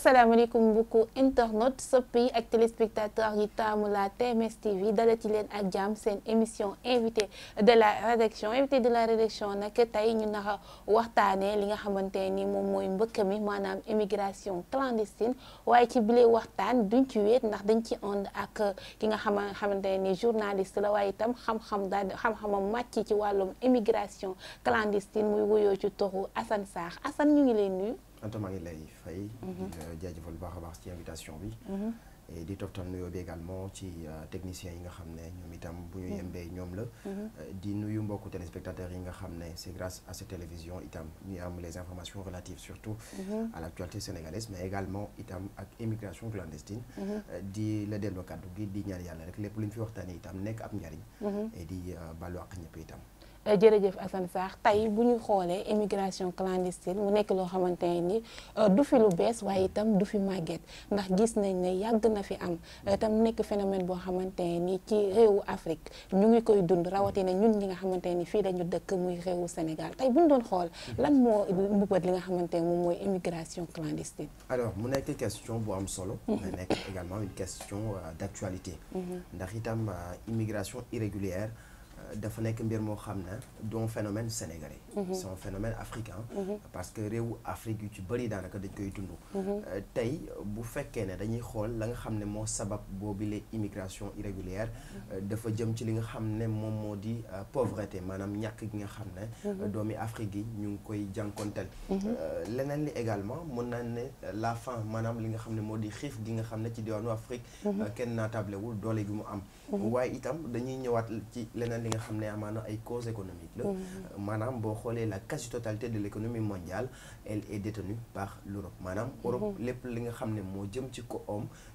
asalaamaaleykum mbokku internautes soppi ak téléspectateurs yi taamu la TMS TV dalati leen ak jàmm seen émission invité de la rédaction invité de la rédaction nag tey ñu naxa waxtaanee li nga xamante ni moom mooy mbëkk mi maanaam immigration clandestine waaye ci bile waxtaan duñ ci wéet ndax dañ ci ànd ak ki nga xam xamante ni journaliste la waaye itam xam-xam daal xam-xamam màcc ci wàllum immigration clandestine muy wuyoo ci toxu Assane Sarr Assane ñu ngi leen nuyu. Anta maa ngi lay fay. Mhm. di la euh, jaajëfal baax a baax ci invitation bi. Mhm. et di toftal nuyoo bi également ci euh, techniciens yi nga xam ne ñoom itam bu ñu mhm. yembee ñoom la. Euh, di nuyu mbokku téléspectateurs yi nga xam ne c'est grâce à cette télévision itam ñu am les informations relatives surtout. à l'actualité sénégalaise mais également itam ak immigration clandestine. di la delloo kàddu gi di ñaan yàlla rek lépp lu ñu fi waxtaanee itam nekk ab njariñ. et di ballu ak itam. Euh, jërëjëf Assane Sarr tey bu ñu xoolee immigration clandestine mu nekk loo xamante ne ni euh, du fi lu bees waaye itam du fi màgget ndax gis nañ ne yàgg na fi am itam euh, nekk phénomène boo xamante ne ni ci réewu Afrique ñu ngi koy dund rawatina ñun ñi nga xamante ni fii dañu dëkk muy réewu Sénégal tey bu ñu doon xool lan moo mbubat li nga xamante ne moom mooy immigration clandestine. alors mu nekk question bu am solo. Mhm. mu nekk également une question d'actualité. Mhm. ndax itam immigration irrégulière. dafa nekk mbir moo xam ne doon phénomène sénégalais. Mhm. c'est un phénomène africain. Mhm. parce que réewu Afrique yu ci bëri daanaka dañ koy dund. Mhm. Euh, tey bu fekkee ne dañuy xool la nga xam ne moo sabab boobu les immigration irrégulière euh, dafa jëm ci li nga xam ne moom moo di euh, pauvreté maanaam ñàkk gi nga xam ne. doomi Afrique yi ñu ngi koy jànkonteel. leneen li également mën naa ne la faim maanaam li nga xam ne moo di xiif gi nga xam ne ci diwaanu Afrique. kenn naatablewul doole gi mu am. nga xam ne amaana ay causes économiques la mm-hmm. maanaam boo xoolee la quasi totalité de l' économie mondiale elle est détenue par l' maanaam mm-hmm. Europe lépp li nga xam ne moo jëm ci ko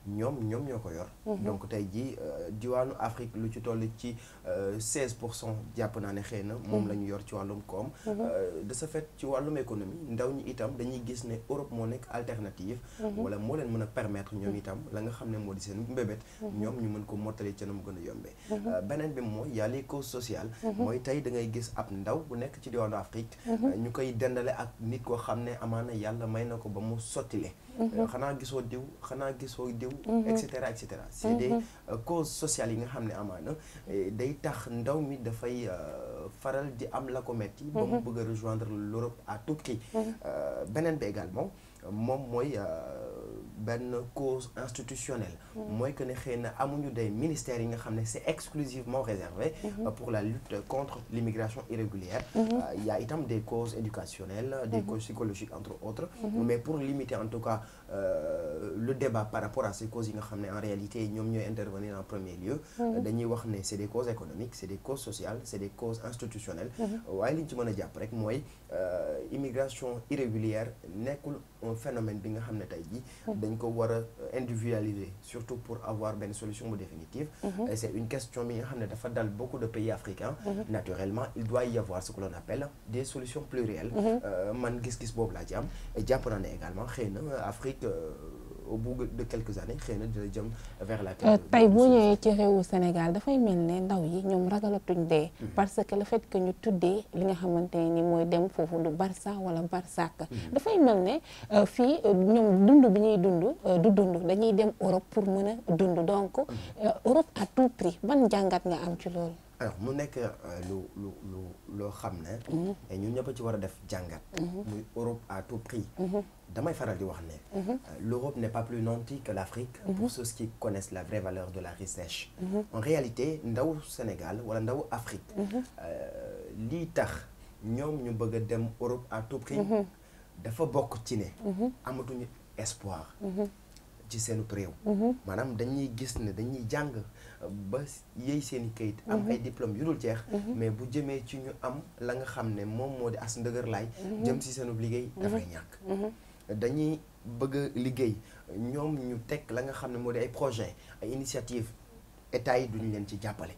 ñoom ñoom ñoo ko yor mm-hmm. donc tey jii euh, diwaanu Afrique lu ci toll ci 16 euh, pour cent jàpp naa ne xëy na moom la ñu yor ci wàllum koom euh, de ce fait ci wàllum économie ndaw ñi itam dañuy gis ne Europe moo nekk alternative wala moo leen mën a permettre ñoom itam la nga xam ne moo di seen mbébét ñoom ñu mën ko mottali ca mu gën a yombee cause sociale. Mhm. mooy tey da ngay gis ab ndaw bu nekk ci diwaanu Afrique. Mhm. Euh, ñu koy dendale ak nit koo xam ne amaana yàlla may na ko ba mu sottilee mhm. euh, xanaa gisoo diw xanaa gisoo diw. et cetera et cetera c'est des euh, causes yi nga xam ne amaana day tax ndaw mi dafay faral di am la ko metti ba mu bëgg a rejoindre l'Europe à tout prix. beneen bi également moom mooy. benn cause institutionnelle mm-hmm. mooy que ne xëy na amuñu des ministères yi nga xam ne c'est exclusivement réservé mm-hmm. euh, pour la lutte contre l'immigration irrégulière mm-hmm. euh, il y a itam des causes éducationnelles des causes psychologiques entre autres mais pour limiter en tout cas euh, le débat par rapport à ces causes yi nga xam ne en réalité ñoom ñooy intervenir en premier lieu dañuy wax ne c'est des causes économiques c'est des causes sociales waaye li ci mën a jàpp rek mooy immigration irrégulière nekkul un bi nga xam ne tey dañ ko war a individualiser surtout pour avoir benn solution bu définitive mhm. et c'est une question bi nga xam ne dafa dal beaucoup de pays africains mhm. naturellement il doit y avoir ce que appelle des solutions plurielles mhm. euh, man gis-gis boobu laa ci am jàpp naa ne également xëy Afrique euh, au bout de quelques na euh, tey boo ñëwee ci réewu Sénégal dafay mel ne ndaw yi ñoom tuñ dee. Mhm. parce que la fait ñu tuddee li nga xamante ni mooy dem foofu du Barça wala Barsak. Mhm. dafay mel ne euh, fii euh, ñoom dund bi ñuy dund du dund dañuy dem Europe pour mën a dund donc mhm. Europe à tout prix ban jàngat nga am ci loolu. alors mu nekk euh, lu lu lu loo xam ne. Mhm. ñun ñëpp ci war a def jàngat. Mhm. muy Europe à tout prix. Mhm. damay faral di wax ne. Euh, l'Europe n'est pas plus nantie que l'Afrique. pour ceux qui connaissent la vraie valeur de la recherche. en réalité ndaw Sénégal wala ndaw Afrique. Euh, lii tax ñoom ñu bëgg a dem Europe à tout prix. dafa bokk ci ne. amatuñu espoir. ci seen réew. maanaam dañuy gis ne dañuy jàng ba yey seen i kayit. am ay diplôme yu dul jeex. mais bu jëmee ci ñu am la nga xam ne moom moo di as ndëgër laay. jëm si seen liggéey dafay ñàkk. dañuy bëgg a liggéey ñoom ñu tek la nga xam ne moo di ay projet ay initiative état yi duñu leen ci jàppale.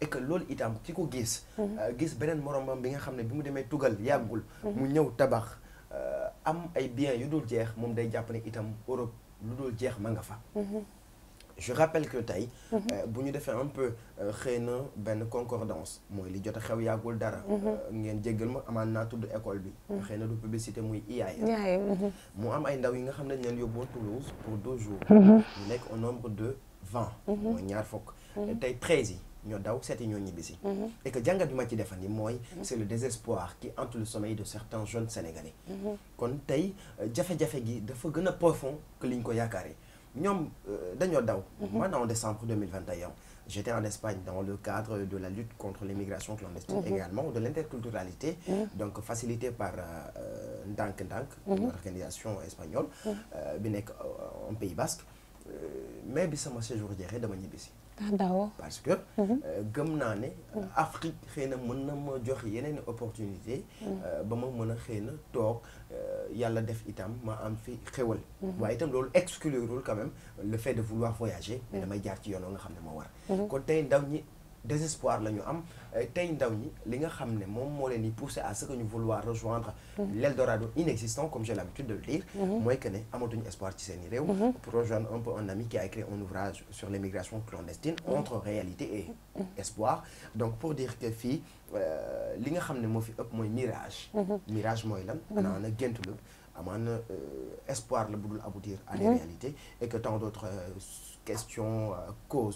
et loolu itam ki ko gis. Euh, gis beneen moromam bi nga xam ne bi mu demee tugal yàggul. mu ñëw tabax euh, am ay biens yu dul jeex moom day jàpp ne itam Europe. lu dul jeex ma nga fa. Mhm. je rappelle que tey. Mhm. Euh, bu ñu defee un peu euh, xëy na benn concordance mooy li jot a xew yàggul dara. Mhm. Euh, ngeen jéggal ma amaan naa tudd école bi. xëy na du publicité muy IAM. mu am ay ndaw yi nga xam ne dañ leen yóbbu Toulouse pour deux jours. ñu nekk au nombre de vingt. mooy ñaar fukk. tey treize ñoo daw seeti ñoo ñibbisi mhm. et que jàngat bi ma ci defandi mooy mhm. c'est le désespoir qui hante le sommeil de certains jeunes sénégalais mhm. kon tey euh, jafe-jafe gi dafa gën a profond que liñ ko yaakaaree ñoom euh, dañoo daw maanaam en décembre 2021 j'étais en Espagne dans le cadre de la lutte contre l'immigration clandestine également de l'interculturalité donc facilité par euh, Ndank Ndank une organisation espagnole bi nekk en Pays Basque mais bi sama séjour jeexee dama ñibbisi parce que mhm. euh, gëm naa ne mhm. euh, Afrique xëy na mën na ma jox yeneen opportunité mhm. euh, ba ma mën a xëy na toog yàlla def itam ma am fi xewal waaye itam loolu exclurul quand même le fait de vouloir voyager mais damay jaar ci yoon nga xam ne ma war kon tey ndaw ñi désespoir la ñu am euh, tey ndaw ñi li nga xam ne moom moo leen di pousser à ce que ñu vouloir rejoindre mm-hmm. l'Eldorado inexistant comme j'ai l'habitude de le mm-hmm. mooy que ne amatuñu espoir ci seen i réew mm-hmm. pour rejoindre un peu un ami qui a écrit un ouvrage sur l'immigration clandestine entre réalité et espoir donc pour dire que fii euh, li nga xam ne moo fi ëpp mooy mirage mirage mooy lan naan a géntu la amaan na euh, espoir la bu dul aboutir à des euh, euh,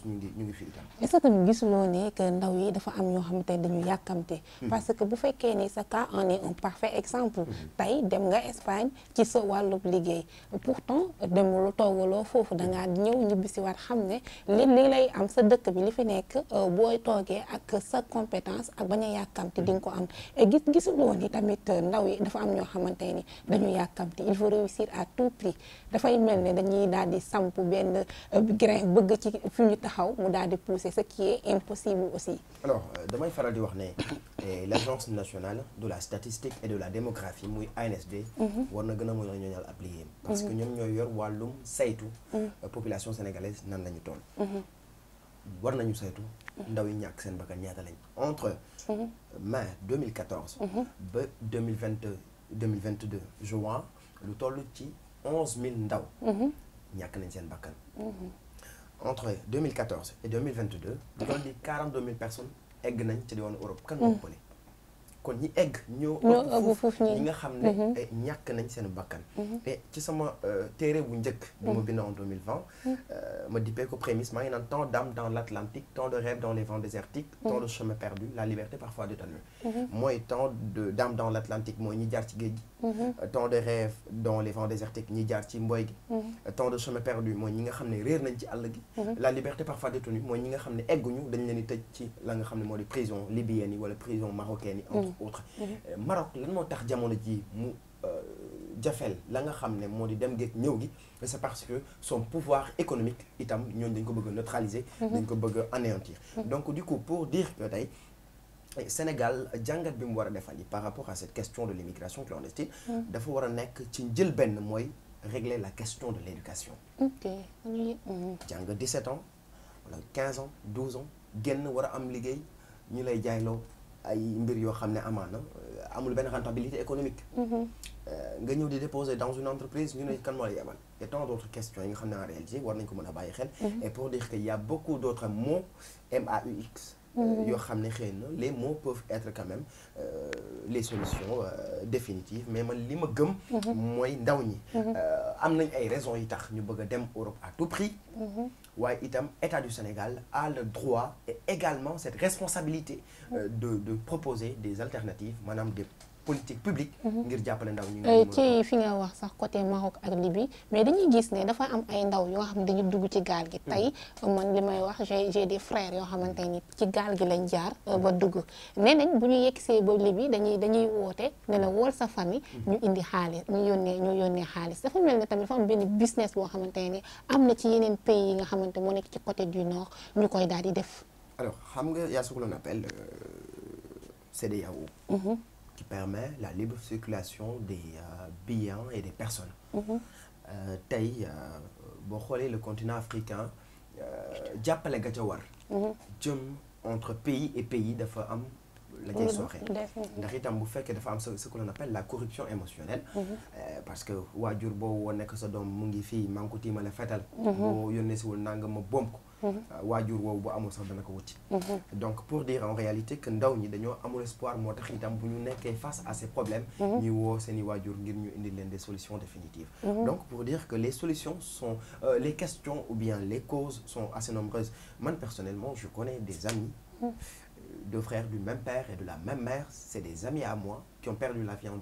ñu ngi ñu ngi fi itam que ndaw yi dafa am ñoo xamante ne dañu yàkkamte hmm. parce que bu fekkee ni sa cas en est un parfait exemple hmm. tey dem nga Espagne ci sa wàllub liggéey pourtant demulu toogaloo foofu dangaa hmm. ñëw ñibbisiwaat xam ne li li lay am sa dëkk bi li fi nekk booy toogee ak sa compétence ak bañ a yàkkamte nga ko am et gis gisuloo ni tamit ndaw yi dafa am ñoo xamante dañu yàkk yàkkamti il faut réussir à tout prix dafay mel ne dañuy daal di samp benn euh, grain bëgg ci fi ñu taxaw mu daal di pousser ce qui est impossible aussi. alors euh, damay faral di wax ne eh, l' agence nationale de la statistique et de la démographie muy ANSD. Mhm. war na gën a mën a ñoñal ab liggéeyam. Mhm. parce que ñoom ñooy yor wàllum saytu. Mhm. Euh, population sénégalaise nan lañu toll. war nañu saytu. ndaw yi ñàkk seen bakkan ñaata lañ. entre mai 2022 juin lu toll ci 11000 ndaw. Mhm. ñàkk nañ seen bakkan. Mhm. entre 2014 et 2022. lu toll di 42000 personnes egg nañ ci di Europe kan moo mhm. ëppale. kon ñi egg ñoo ëpp foofu ñi nga xam ne mhm. eh, ñàkk nañ seen bakkan mais mhm. ci sama euh, téere bu njëkk bi ma mhm. bind en 2020 euh, ma dippee ko prémisse maa ngi naan tant d'âmes dans l'Atlantique tant de rêves dans les vents désertiques tant de chemins perdus la liberté parfois détenue mooy tant d'âmes dans l'Atlantique mooy ñi euh, ñi jaar ci mboy gi tant de chemins perdus mooy ñi nga xam ne réer nañ ci àll gi la liberté parfois détenue mooy ñi nga xam ne egguñu dañ leen tëj ci la nga xam ne moo di prison libyenne yi wala prison marocaine yi autres euh, Maroc lan moo tax jamono ji mu euh, jafeel la nga xam ne moo di dem géeg ñëw gi c'est parce que son pouvoir économique itam ñooñu dañ ko bëgg a neutraliser mhm. dañ ko bëgg a anéantir mhm. donc du coup pour dire que tey Sénégal jàngat bi mu war a defal yi par rapport à cette question de l'immigration clandestine mhm. dafa war a nekk ci njël benn mooy régler la question de l'éducation jàng 17 ans wala 15 ans 12 ans génn war a am liggéey ñu lay jaayloo ay mbir yoo xam ne amaana euh, amul benn rentabilité économique. Mhm. Euh, nga ñëw di déposer dans une entreprise ñu ne kan moo lay et tant d' autres yi nga xam ne en réalité war nañu ko mën a bàyyi xel. Mhm. et pour dire que y' a beaucoup d' autres mots MAUX. Euh, mhm. yoo xam ne xëy na les mots peuvent être quand même euh, les solutions définitives mais man li ma gëm mooy ndaw ñi am nañ ay raisons yi tax ñu bëgg a dem Europe à tout prix waaye itam état du Sénégal a le droit et également cette responsabilité euh, de de proposer des alternatives maanaam des politique publique. Mhm. ngir jàppale ndaw ñi. Eh, fi nga wax sax côté Maroc ak Libye mais dañuy gis ne dafa am ay ndaw yoo xam ne dañu dugg ci gaal gi. tey hmm. man li may wax j'ai j'ai yoo xamante ni hmm. ci gaal gi lañ jaar euh, ba hmm. dugg nee nañ bu ñu yeggsee ba Libye dañuy dañuy woote ne la wool sa famille. ñu indi xaalis ñu yónnee ñu yónnee xaalis dafa mel ne tamit dafa am benn business boo xamante ne am na ci yeneen pays yi nga xamante moo nekk ci côté du nord ñu koy daal di def. alors xam nga yaa soxla na appel euh, CEDEAO. Mhm. permet la libre circulation des euh, biens et des personnes. Mm-hmm. Euh, tey euh, boo xoolee la continent africain jàppale ga ca war. Mm-hmm. jëm entre pays et pays dafa am. la cay mm-hmm. sooxe ndax itam bu fekkee dafa am ce que l'on appelle la corruption émotionnelle parce que waajur boobu woon nekk sa doom mu ngi fii maa tiimale fetal boo yónnee siwul nanga ma boom ko Euh, waajur woowu bu amul sax dana ko wuti mhm. donc pour dire en réalité que ndaw ñi dañoo amul espoir moo tax itam bu ñu nekkee face à ces problèmes mhm. ñuy woo seen i waajur ngir ñu indi leen des solutions définitives mhm. donc pour dire que les solutions sont euh, les questions ou bien les causes sont assez nombreuses man personnellement je connais des amis euh, deux frères du même père et de la même mère c'est des amis à moi qui ont perdu la vie en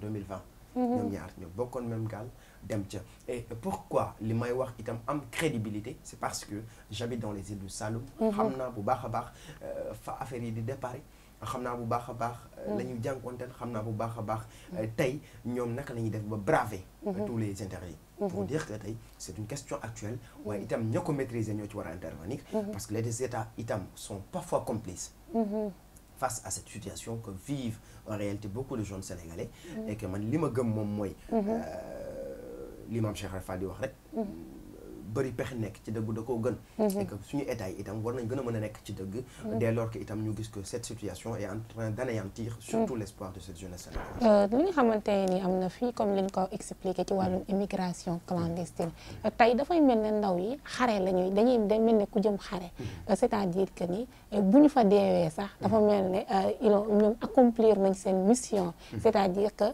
Mm-hmm. ñoom ñaar ñoo bokkoon même gaal dem ca et pourquoi li may wax itam am crédibilité c'est parce que j'habite dans les îles du Saloum mm-hmm. xam naa bu baax a baax euh, fa affaire yi di départ xam naa bu baax a baax euh, mm-hmm. la ñuy jànkonteel xam naa bu baax a baax euh, tey ñoom naka la ñuy def ba braver tous les intérêts yi pour dire que tey c'est une question actuelle waaye itam ña ko maîtriser ñoo ci war a intervenir parce que les États itam sont parfois complices face à cette situation que vivent en réalité beaucoup de jeunes sénégalais. Mm-hmm. et que man li ma gëm moom mooy. Mm-hmm. Euh, li maam Cheikh Rafal di wax rek. Mm-hmm. bëri pexe nekk ci dëgg da koo gën mhm. et que suñu état yi itam war nañ gën a mën a nekk ci dëgg mhm. dès lors que itam ñu gis que cette situation est en train d'anéantir mhm. surtout l'espoir de cette jeunesse sénégalaise euh, li nga xamante am na fii comme liñ ko expliqué ci wàllum immigration clandestine euh, tey dafay mel ne ndaw yi xare la ñuy dañuy day mel ne ku jëm xare euh, c'est-à-dire que ni bu ñu fa deewee sax dafa mel ne ils ñoom accomplir nañ seen mission c'est-à-dire que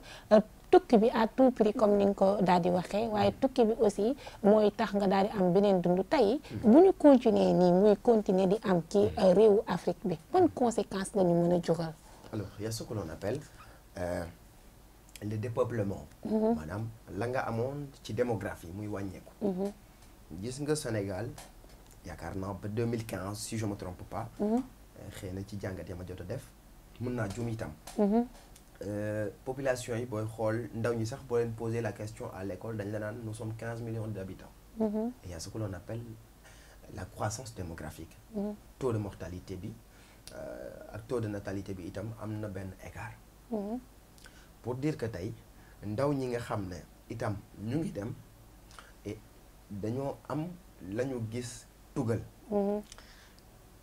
tukki bi à tout prix comme ni nga ko daal di waxee waaye tukki bi aussi mooy tax nga daal di am beneen dund tey bu ñu continuer nii muy continuer di am ci euh, réewu Afrique bi ban conséquence la ñu mën a jógal alors il y a ce que l'on euh, mm-hmm. la nga amoon ci démographie muy wàññeeku mm-hmm. gis nga Sénégal yaakaar naa ba 2015 si je me trompe pas mm-hmm. euh, xëy na ci jàngat ma jot a def mën naa juum itam Euh, population yi booy xool ndaw ñi sax boo leen poser la question à l'école dañ la naan nous sommes 15 millions d'habitants mhm. et il y a ce la croissance démographique mhm. taux de mortalité bi euh, ak taux natalité bi itam am na benn écart mhm. pour dire que tey ndaw ñi nga xam ne itam ñu ngi dem dañoo am lañu gis tugal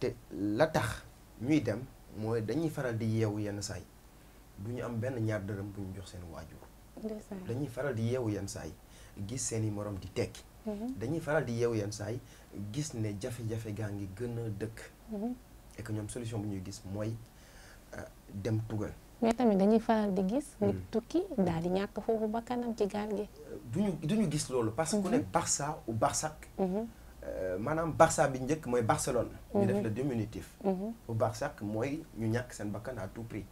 te la tax ñuy dem mooy dañuy faral di yeewu yenn saay du ñu am benn ñaar dërëm bu ñu jox seen waajur dañuy faral di yeewu yenn saay gis seeni moroom di tekki mm-hmm. dañuy faral di yeewu yenn saay gis ne jafe-jafe gaa ngi gën dëkk mm-hmm. et ñoom solution bu ñuy gis mooy euh, dem tugal mais tamit dañuy faral di gis nit mm. tukki daal di ñàkk foofu ba kanam ci gaal gi euh, ñu duñu gis loolu parce que ku ne u mm-hmm. ou Barsak euh, maanaam Barça bi njëkk mooy Barcelone ñu def le diminutif ou Barsak mooy ñu ñàkk seen bakkan à tout prix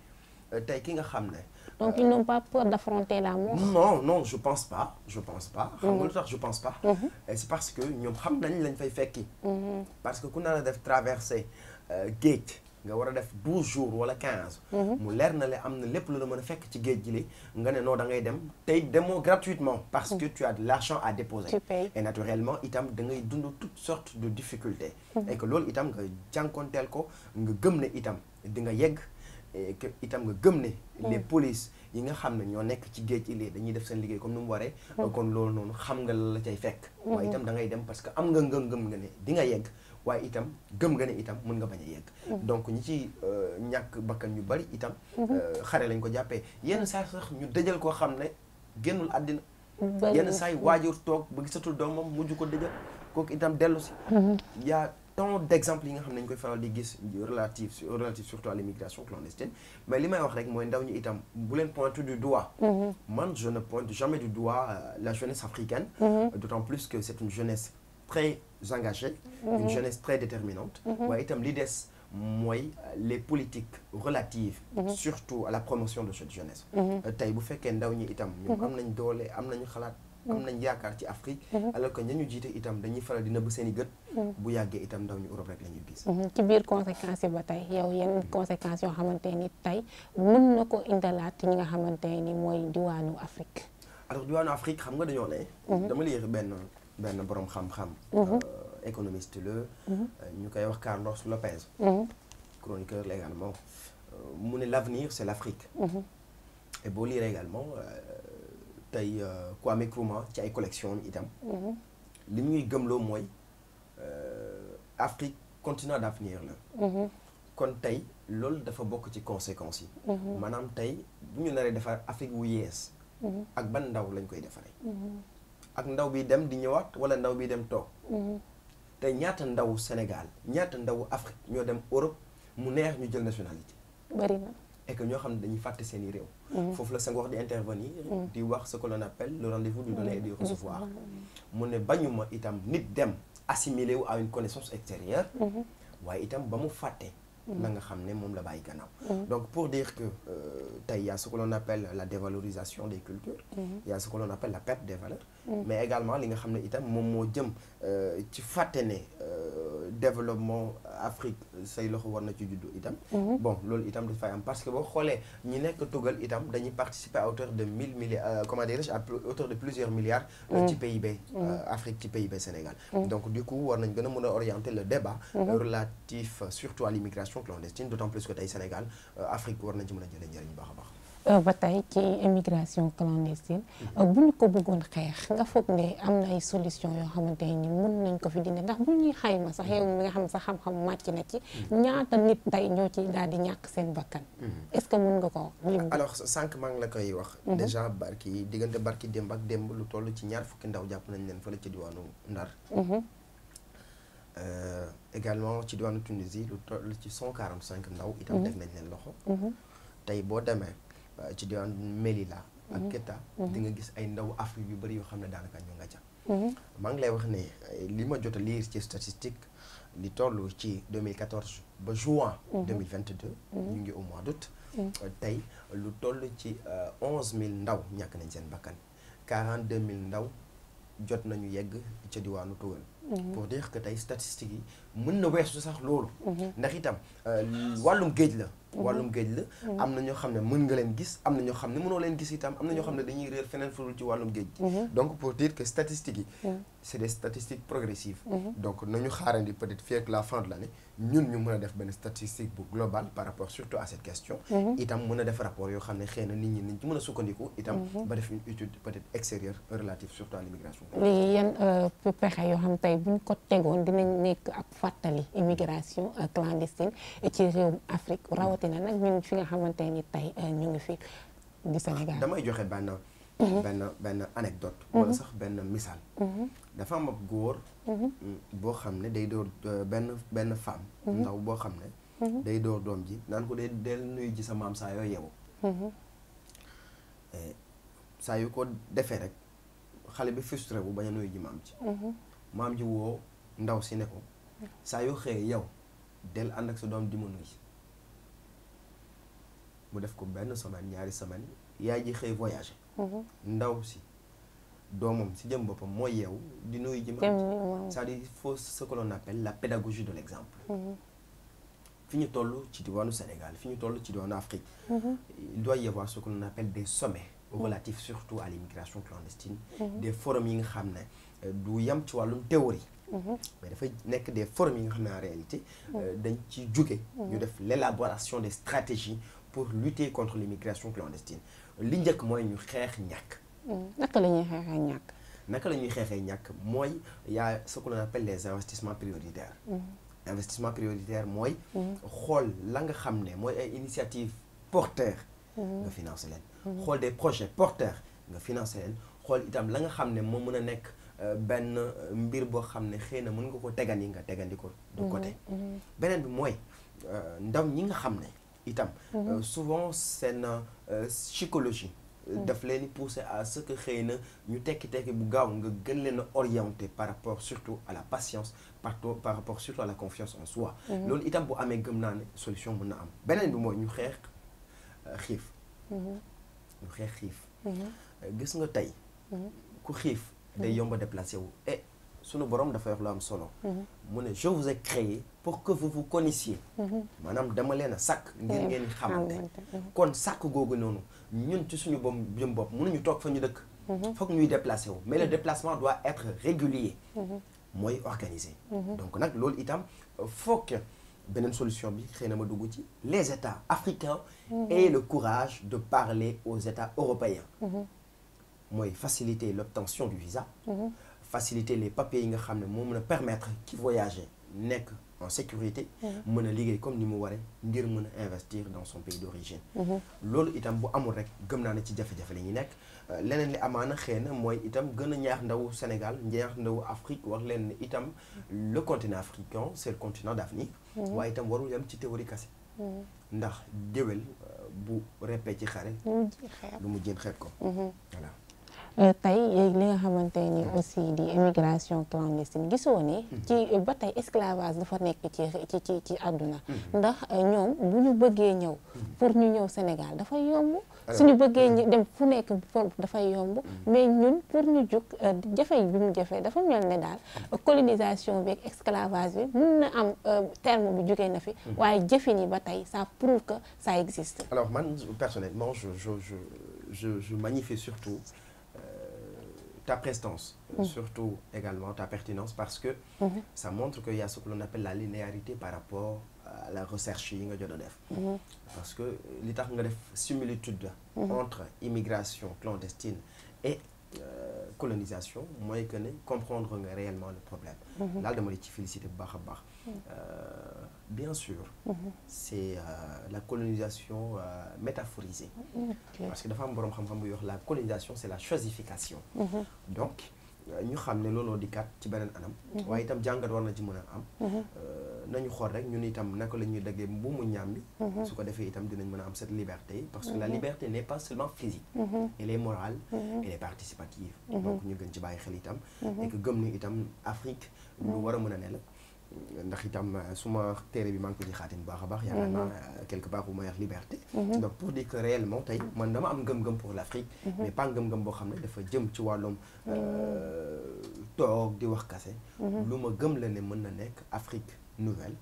Euh, tey ki nga xam ne. donc euh, ils n'ont pas peur d'affronter la mort. non non je pense pas je pense pas. xam nga mhm. lu tax je pense pas. Mhm. et c'est parce que ñoom xam nañ lañ fay fekki. Mhm. parce que ku nar a def traversé euh, géej. nga war a def douze jours wala quinze. mu leer na le am na lépp lu la mën a fekk ci géej gi li nga ne non da ngay dem tey demoo gratuitement. parce que tu as de l'argent à déposer. et naturellement itam da ngay dund toutes sortes de difficultés. et que loolu nga jànkonteel ko nga gëm ne itam di itam nga gëm ne mm. les polices yi nga xam ne ñoo nekk ci géej gi dañuy def seen liggéey comme ni mu waree mm. euh, kon loolu noonu xam nga la la cay fekk mm-hmm. waaye itam da ngay dem parce que am nga nga gëm nga ne di nga yegg waaye itam gëm nga ne itam mën nga bañ a yegg mm. donc ñi ci euh, ñàkk bakkan ñu bari itam mm-hmm. euh, xare lañ ko jàppee yenn saa sax ñu dëjal koo xam ne génnul àddina yenn saa yi waajur toog ba gisatul doomam mujj ko dëjal kooku itam dellu si mm-hmm. donc d'exemples yi nga xam ne ñu koy faral di gis relative relative surtout à l'immigration clandestine mais li may wax rek mooy ndaw ñi itam bu leen pointe du doigt mm-hmm. man je ne pointe jamais du doigt euh, la jeunesse africaine mm-hmm. d'autant plus que c'est une jeunesse très engagée mm-hmm. une jeunesse très déterminante waaye itam li des mooy les politiques relatives surtout à la promotion de cette jeunesse euh, tey bu fekkee ndaw ñi itam ñoom am nañ doole am nañu xalaat am nañ yaakaar ci Afrique mm-hmm. alors que ñañu jiite itam dañuy faral di nëbb seen i gët mm-hmm. bu yàggee itam ndaw ñu Europe rek la gis mm-hmm. ci biir conséquences yi ba tey yow yenn conséquences yoo xamante ni tey mën na ko indalaat ñi nga xamante ni mooy diwaanu Afrique alors diwaanu Afrique xam nga dañoo ne dama liir benn benn borom xam-xam euh, économiste la ñu koy wax Carlos Lopez chroniqueur également euh, mu ne l'avenir c'est l'Afrique et boo liir également euh, tey euh, Kwame Nkrumah ci ay collection itam. Mhm. li ñuy gëmloo mooy euh, Afrique continent d'avenir la. Mhm. kon tey loolu dafa bokk ci conséquences yi. Mhm. maanaam tey bu ñu naree defar Afrique wu yees. ak ban ndaw lañ koy defaree. ak ndaw bi dem di ñëwaat wala ndaw bi dem toog. te ñaata ndawu Sénégal ñaata ndawu Afrique ñoo dem Europe mu neex ñu jël nationalité. et ñoo xam ne dañuy fàtte seeni réew. Mm-hmm. foofu la Senghor di intervenir. Mm-hmm. di wax ce que l'on appelle le rendez-vous du donner et du mm-hmm. recevoir. mu ne bañuma itam nit dem assimilé wu une connaissance extérieure. waaye itam ba mu fàtte. la nga xam ne moom la bàyyi gannaaw. donc pour dire que euh, tey euh, y a ce que la dévalorisation des cultures. y a ce que l'on la perte des valeurs. Mm. mais également li nga xam ne itam moom moo jëm euh, ci fàtte ne euh, développement Afrique say loxo war na ci juddu itam. Mm-hmm. bon loolu itam dafay am parce que boo xoolee ñi nekk tugal itam dañuy participer à hauteur de mille milliards euh, comment dirais-je à hauteur de plusieurs milliards. Mm. ci PIB mm. Afrique ci PIB Sénégal. donc du coup war nañ gën a mën a orienter le débat. Mm-hmm. relatif surtout à l'immigration clandestine d'autant plus que tey Sénégal Afrique war nañ ci mën a jëlee njëriñ baax a baax. Euh, ba tey ci immigration clandestine euh, bu ñu ko bëggoon xeex nga foog ne am na ay solution yoo xamante ni mën nañ ko fi dindi ndax bu ñuy xayma sax yow mi nga xam sax xam-xam màcc na ci mm-hmm. ñaata nit tey ñoo ci daal di ñàkk seen bakkan mm-hmm. est-ce que mën nga ko wax ah, alors sànq maa ngi la koy wax mm-hmm. déjà barki diggante barki démb ak démb lu toll ci ñaar fukki ndaw jàpp nañ leen fële ci diwaanu Ndar euh, également ci diwaanu Tunisie lu toll ci 145 ndaw itam def nañ leen loxo tey boo Euh, ci diwaan Melilla ak mhm. Keta mhm. di nga gis ay ndaw Afrique yu bëri yoo xam ne daanaka ñu nga ca mhm. maa ngi lay wax ne euh, li ma jot a lire ci statistique li toll ci 2014 ba juin 2022 ñu ngi au mois d'août euh, tey lu toll ci 11000 ndaw ñakk nañ seen bakkan 42000 ndaw jot nañu yegg ca diwaanu Tugal pour dire que tey statistiques yi mën na weesu sax loolu. Mhm. ndax itam euh, wàllum géej la. Mhm. wàllum géej la mhm. am na ñoo xam ne mën nga leen gis am na ñoo xam ne mënoo leen gis itam am na ñoo xam ne dañuy réer feneen furul ci wàllum géej donc pour dire que statistiques yi c'est des statistiques progressives donc nañu xaarandi peut-être fii la fin ñun ñu mën a def benn statistique bu global par rapport surtout à cette question itam mën a def rapport yoo xam ne xëy nit ñi nañ ci mën a sukkandiku fàttali immigration euh, clandestine ci réewum Afrique rawatina nag ñun fi nga xamante ni tey euh, ñu ngi fi di Sénégal. damay joxe benn. Mhm. benn benn anecdote mhm. wala sax benn misaal. Mhm. dafa am ab góor. Mm, boo xam ne day door euh, benn benn femme. boo xam ne. day door doom ji naan ko dee del nuyu sa maam saa yoo yeewoo. E, saa yu ko defee rek xale bi frustré bu bañ a nuyu maam ji. maam ji woo ndaw si ne saa yoo xëyee yow del ànd ak sa doom di mun gi mu def ko benn semaine ñaari semaine yaay ji xëy voyager mhm. ndaw si doomam si jëm boppam mooy yeewu di nuyu ji maam c'est-à-dire il la pédagogie de l'exemple mhm. fi ñu toll ci di diwaanu Sénégal fi ñu toll ci diwaanu Afrique mhm. il doit y avoir ce que surtout à l'immigration clandestine des forums yi nga xam ne euh, du yam ci wàllum théorie Mhm. mais dafay nekk des formes yi nga xam ne en réalité mhm. euh, dañ ci jóge mhm. ñu def l'élaboration des stratégies pour lutter contre l'immigration clandestine li njëkk mooy ñu xeex ñàkk naka la ñuy xeexee ñàkk naka mooy y'a ce que l'on appelle les investissements prioritaires investissement prioritaire mooy xool la nga xam ne mooy ay initiative porteur nga financer leen xool des projets porteurs nga financer leen xool itam la nga xam ne moo mën a nekk benn mbir boo xam ne xëy na mën nga ko tegandi nga tegandi ko du mhm, côté mhm. beneen bi mooy euh, ndaw ñi nga xam ne itam mhm. euh, souvent seen euh, psychologie daf leen pousser à ce que xëy na ñu tekki-tekki bu gaaw nga gën leen a orienté par rapport surtout à la patience par par rapport surtout à la confiance en soi loolu itam bu amee gëm naa ne solution mën na am beneen bi mooy ñu xeex xiif ñu xeex xiif gis nga tey ku xiif day mm-hmm. yomba déplacé wu et eh, sunu borom dafa wax lu am solo mm-hmm. mu ne je vous ai créé pour que vous vous connaissiez mm-hmm. maanaam dama leen a sàkk ngir ngeen xamante kon sàkk googu noonu ñun ci suñu bom jëm bopp mënuñu toog fa ñu dëkk foog ñuy déplacé wu mais le déplacement doit être régulier mooy organisé donc nag loolu itam foog beneen solution bi xëy na ma dugg ci les états africains et le courage de parler aux états européens mooy faciliter l'obtention du visa mhm. faciliter les papiers yi nga xam ne moo mën a permettre ki voyager nekk en sécurité mhm. mën a liggéey comme ni mu waree ngir mën a investir dans son pays d'origine mhm. loolu itam bu amul rek gëm naa ne ci jafe-jafe la ñuy nekk euh, leneen li amaana xëy na mooy itam gën a ñaax ndaw Sénégal ñaax ndaw Afrique wax leen itam le continent africain c'est le continent d'avenir waaye itam warul yam ci théorie kasi ndax déwél euh, bu rëppee ci xare mu jéem ko Euh, tey li nga xamante ni aussi di immigration clandestine gisoo ne hmm. ci euh, ba tey esclavage dafa nekk ci ci àdduna hmm. ndax euh, ñoom bu ñu bëggee ñëw hmm. pour ñu ñëw Sénégal dafa yomb eh suñu bëggee ñu dem fu nekk dafay yomb mais ñun pour ñu jug jafe bi jafe dafa mel ne daal colonisation bi ak esclavage bi mun na am terme bu jógee na fi waaye jëfin yi ba tey ça prouve que ça existe alors man personnellement je je je je je magnifie surtout ta prestance. Euh, mm. Surtout également ta pertinence parce que mmh. ça montre qu'il y a ce que l'on la linéarité par rapport à la recherche yi nga jot a def. Mm-hmm. Parce que li tax nga def similitude. Mm-hmm. entre immigration clandestine et euh, colonisation mooy que ne comprendre nga réellement le problème. daal mm-hmm. dama la ci félicité bu baax a baax. Euh, bien sûr mhm. c'est euh, la colonisation euh, métaphorisée parce que dafa am boroom xam-xam bu wax la colonisation c'est la chosification mhm. donc ñu xam ne looloo di kat ci beneen anam mhm. waaye itam jàngat war na ci mën a am nañu xool rek ñun itam naka la ñuy daggee bu mu ñaam bi su ko defee itam dinañ mën a am cette liberté parce que la liberté n'est pas seulement physique elle est morale elle est participative donc ñu gën ci bàyyi xel itam et gëm ne itam Afrique lu a a ndax itam euh, suma téere bi maa ngi ko ci xaatim bu baax a baax yaakaar naa mhm. euh, quelque part bu may wax liberté mhm. donc pour dire que réellement tey man dama am ngëm-ngëm pour l'Afrique mhm. mais pas ngëm-ngëm boo xam ne dafa jëm ci wàllum euh, toog di wax kase lu ma gëm la ne mën na nekk Afrique nouvelle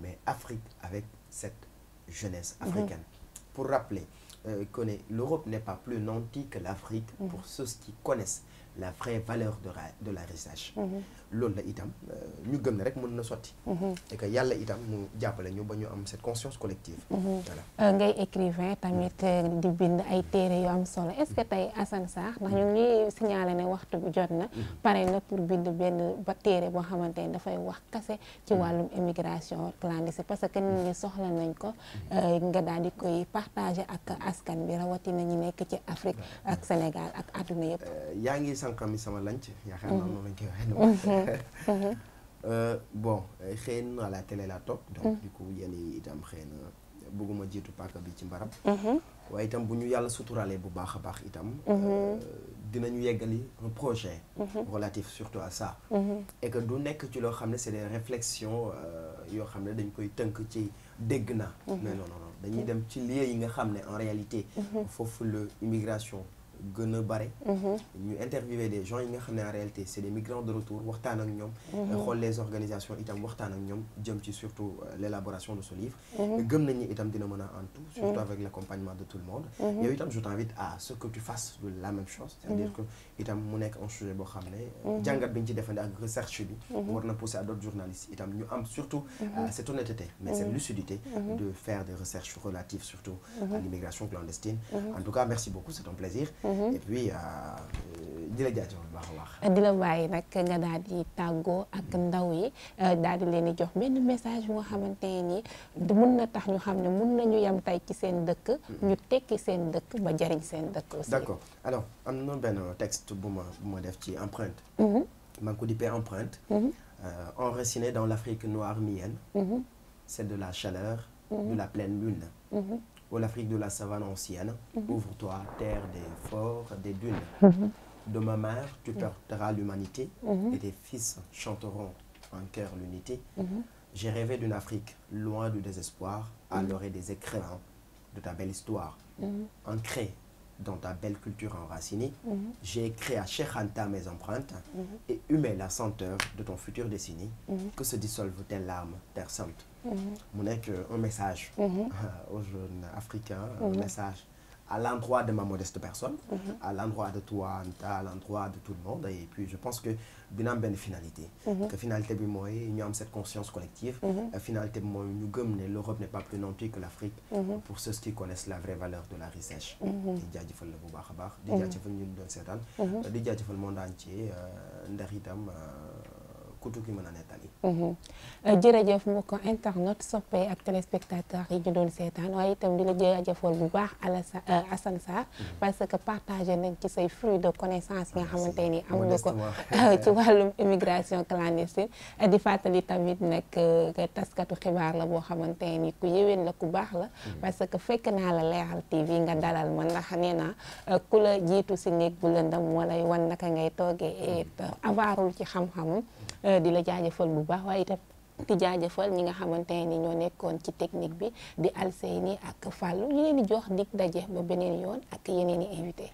mais Afrique avec cette jeunesse africaine pour rappeler l'Europe n'est pas plus nantie que l'Afrique pour ceux qui connaissent la vraie valeur de la de la recherche. Mhm. loolu la itam euh, ñu gëm ne rek mën na sotti. Mhm. et yàlla itam mu jàppale ñu ba ñu am cette conscience collective. Mhm. voilà euh, ngay écrivain tamit euh, di bind ay téere yu am solo est-ce que tey Assane Sarr ndax ñu ngi signalé ne waxtu bi jot na. pare na pour bind benn ba téere boo xamante ne dafay wax kase ci wàllum immigration clandestine parce que nit ñi soxla nañ ko nga daal di koy partager ak askan bi rawatina ñu nekk ci Afrique ak Sénégal ak adduna yëpp. sànqam mi sama lanc yaakaar naa mhm. noonu lañ koy waxee mhm. Mhm. Euh, bon xëy na laa topp donc du coup yenn yi itam xëy na bëgguma jiitu paaka bi ci mbaram waaye itam bu ñu yàlla suturalee bu baax a baax itam euh, dinañu yeggali un projet relatif surtout à ça et que du nekk ci loo xam ne c'est des réflexions euh, yoo xam ne dañ koy tënk ci dégg na mais non non dañuy dem ci lieu yi nga xam ne en réalité foofu la immigration gën a bare. Mhm. ñu interviewé des gens yi nga xam ne en réalité c' est migrants de retour waxtaan ak ñoom. Mhm. xool les organisations itam waxtaan ak ñoom jëm ci surtout euh, l' de ce livre. Mhm. gëm nañu itam dina mën a en tout. surtout avec l' de tout le monde. yow itam je t' invite à ce que tu fasses la même chose. c' est mu nekk un sujet boo xam ne. Euh, jàngat bi ñu ci defandi ak recherche bi. war na pousser à d' autres itam ñu am surtout. Euh, Mm-hmm. et puis euh, di la jaajëfal bu baax nag nga daal di tàggoo ak mm-hmm. ndaw yi euh, daal di leen di jox benn message bu nga xamante ni mun na tax ñu xam ne mun nañu yem tey ci seen dëkk. Mm-hmm. ñu tekki seen dëkk ba jariñ seen dëkk. aussi d' accord alors am na benn texte bu ma bu def ci empreinte. maa ngi ko dippee empreinte. Euh, enraciné dans l' Afrique noire mienne. de la chaleur. de la pleine lune. ou l'Afrique de la savane ancienne. Mhm. Ouvre-toi, terre des forts, des dunes. Mhm. De ma mère, tu porteras l'humanité mhm. et tes fils chanteront en cœur l'unité. J'ai rêvé d'une Afrique loin du désespoir, à l'orée des écrivains de ta belle histoire, dans ta belle culture enracinée, mm j'ai écrit à Cheikh Anta mes empreintes mhm. et humé la senteur de ton futur décennie, mm se dissolvent tes larmes, terre sainte. Mhm. Mu un message mhm. euh, aux jeunes africains, un message à l'endroit de ma modeste personne mm -hmm. à l'endroit de toi à tout le monde et je pense que dina am benn finalité mm -hmm. finalité bi mooy ñu am cette conscience collective mm -hmm. finalité bi mooy ñu gëm ne l'Europe n'est pas plus nantie que l'Afrique mhm. pour ceux qui connaissent la vraie valeur de la recherche mhm. di jaajëfal la bu baax a baax di mhm. jaajëfal ñu doon seetaan di jaajëfal monde entier euh, ndax itam euh, ku tukki mën a nettali. Mhm. Euh, jërëjëf mbokk internet soppee ak téléspectateur yi ñu doon seetaan waaye itam di la jërëjëfool bu baax euh, Assane Sarr mhm. parce que partagé nañ ci say fruit de connaissance yi nga ah, xamante ni am nga ko ci wàllum immigration clandestine euh, di fàttali tamit nag taskatu xibaar la boo xamante ni ku yéwén la ku baax la mhm. parce que fekk naa la leeral TV nga dalal ma ndax nee naa ku la jiitu si néeg bu lëndam moo lay wan naka ngay toogee et avaarul ci xam-xamam Euh, di la jaajëfal bu baax waaye itam di jaajëfal ñi nga xamante ni ñoo nekkoon ci technique bi di nii ak Fallou ñu leen di jox dig daje ba beneen yoon ak yeneen i invité